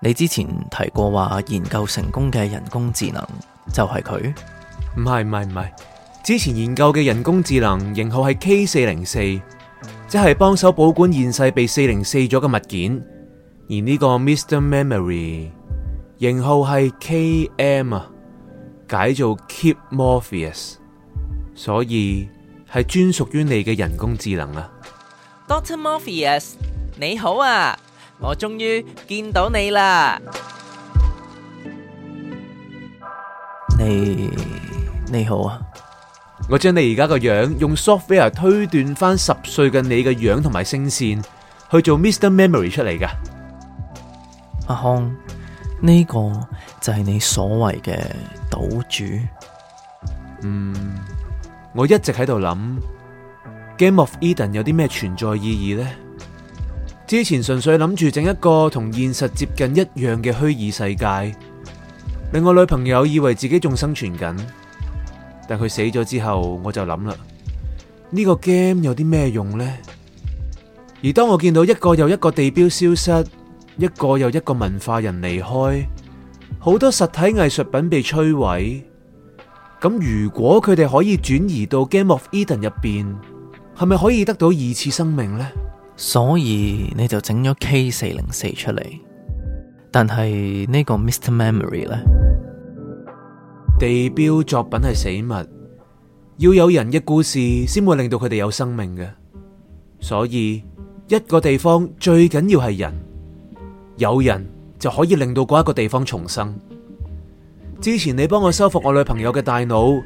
你之前提過話研究成功嘅人工智能就係佢？唔係唔係唔係，之前研究嘅人工智能型號係 K 四零四，即係幫手保管現世被四零四咗嘅物件。而呢個 Mr Memory 型號係 KM 啊，解做 Keep Morpheus，所以係專屬於你嘅人工智能啊，Doctor Morpheus，你好啊。我終於見到你啦！你你好啊！我將你而家個樣用 software 推斷返十歲嘅你嘅樣同埋聲線，去做 Mr. Memory 出嚟㗎。阿康，呢、這個就係你所謂嘅賭注。嗯，我一直喺度諗 Game of Eden 有啲咩存在意義呢？之前純粹諗住整一個同現實接近一樣嘅虛擬世界，令我女朋友以為自己仲生存緊。但佢死咗之後，我就諗啦，呢個 game 有啲咩用呢？而當我見到一個又一個地標消失，一個又一個文化人離開，好多實體藝術品被摧毀，咁如果佢哋可以轉移到 Game of Eden 入邊，係咪可以得到二次生命呢？所以你就整咗 K404 出嚟，但係呢個 Mr Memory 咧？地標作品，係死物，要有人嘅故事先會令到佢哋有生命嘅。所以一個地方最緊要係人，有人就可以令到嗰一個地方重生。之前你幫我修復我女朋友嘅大腦，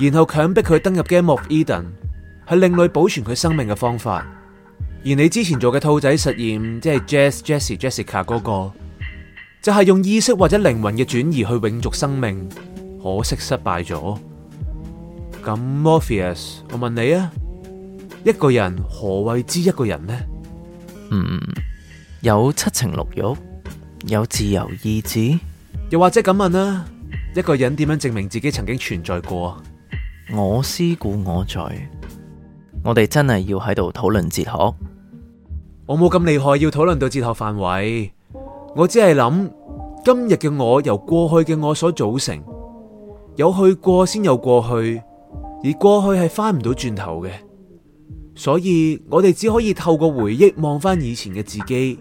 然後強迫佢登入 Game of Eden，係另類保存佢生命嘅方法。而你之前做嘅兔仔實驗，即係 Jazz、j e s s e Jessica 嗰、那個，就係、是、用意識或者靈魂嘅轉移去永續生命，可惜失敗咗。咁，Morpheus，我問你啊，一個人何謂知一個人呢？嗯，有七情六慾，有自由意志，又或者咁問啦，一個人點樣證明自己曾經存在過？我思故我在。我哋真係要喺度討論哲學。我冇咁厲害，要討論到哲學範圍。我只係諗今日嘅我由過去嘅我所組成，有去過先有過去，而過去係翻唔到轉頭嘅，所以我哋只可以透過回憶望翻以前嘅自己。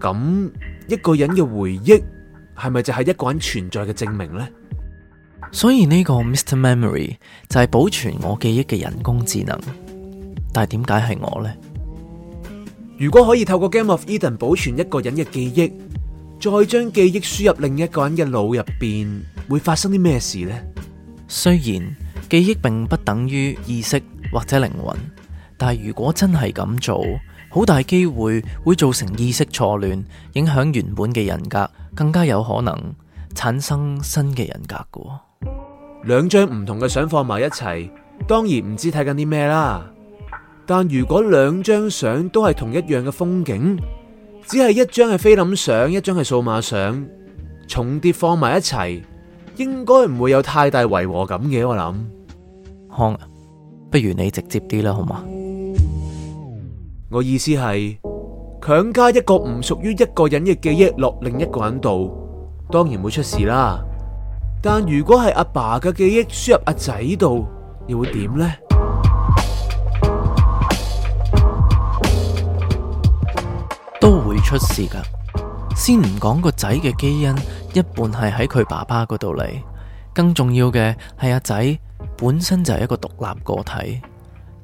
咁一個人嘅回憶係咪就係一個人存在嘅證明呢？所以呢個 Mr Memory 就係保存我記憶嘅人工智能，但係點解係我呢？如果可以透過 Game of Eden 保存一個人嘅記憶，再將記憶輸入另一個人嘅腦入邊，會發生啲咩事呢？雖然記憶並不等於意識或者靈魂，但如果真係咁做，好大機會會造成意識錯亂，影響原本嘅人格，更加有可能產生新嘅人格。噶，兩張唔同嘅相放埋一齊，當然唔知睇緊啲咩啦。但如果兩張相都係同一樣嘅風景，只係一張係菲林相，一張係數碼相，重疊放埋一齊，應該唔會有太大違和感嘅。我諗。康，嗯，不如你直接啲啦，好嘛？我意思係強加一個唔屬於一個人嘅記憶落另一個人度，當然會出事啦。但如果係阿爸嘅記憶輸入阿仔度，又會點呢？出事噶，先唔講個仔嘅基因一半係喺佢爸爸嗰度嚟，更重要嘅係阿仔本身就係一個獨立個體，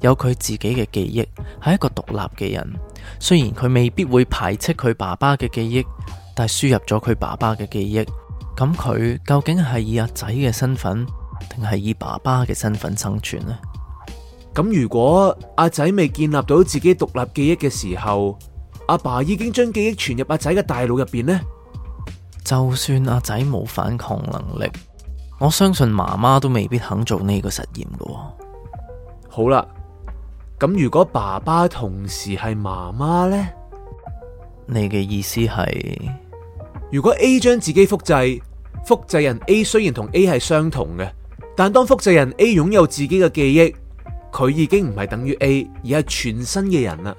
有佢自己嘅記憶，係一個獨立嘅人。雖然佢未必會排斥佢爸爸嘅記憶，但係輸入咗佢爸爸嘅記憶，咁佢究竟係以阿仔嘅身份，定係以爸爸嘅身份生存呢？咁如果阿仔未建立到自己獨立記憶嘅時候，阿爸已經將記憶存入阿仔嘅大腦入邊呢？就算阿仔冇反抗能力，我相信媽媽都未必肯做呢個實驗噶。好啦，咁如果爸爸同時係媽媽呢？你嘅意思係？如果 A 將自己複製，複製人 A 雖然同 A 係相同嘅，但當複製人 A 擁有自己嘅記憶，佢已經唔係等於 A，而係全新嘅人啦。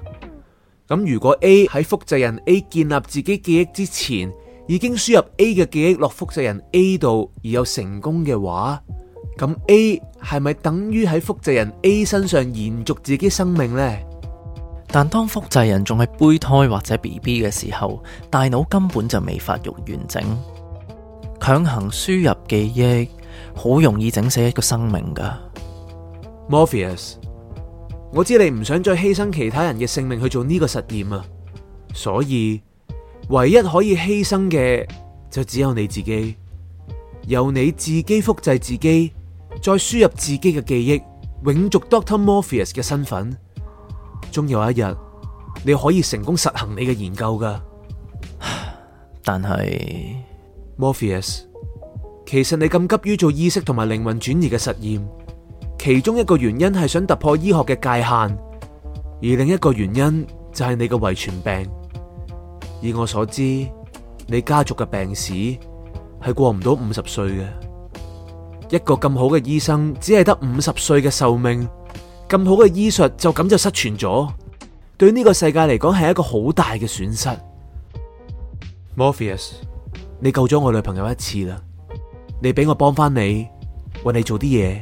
咁如果 A 喺複製人 A 建立自己記憶之前，已經輸入 A 嘅記憶落複製人 A 度而有成功嘅話，咁 A 係咪等於喺複製人 A 身上延續自己生命呢？但當複製人仲係胚胎或者 BB 嘅時候，大腦根本就未發育完整，強行輸入記憶好容易整死一個生命噶。Morpheus 我知你唔想再犧牲其他人嘅性命去做呢個實驗啊，所以唯一可以犧牲嘅就只有你自己，由你自己複製自己，再輸入自己嘅記憶，永續 Doctor Morpheus 嘅身份。終有一日，你可以成功實行你嘅研究㗎。但係，Morpheus，其實你咁急於做意識同埋靈魂轉移嘅實驗，其中一個原因係想突破醫學嘅界限，而另一個原因就係你嘅遺傳病。以我所知，你家族嘅病史係過唔到五十歲嘅。一個咁好嘅醫生，只係得五十歲嘅壽命，咁好嘅醫術就咁就失傳咗，對呢個世界嚟講係一個好大嘅損失。Morpheus，你救咗我女朋友一次啦，你俾我幫翻你，為你做啲嘢。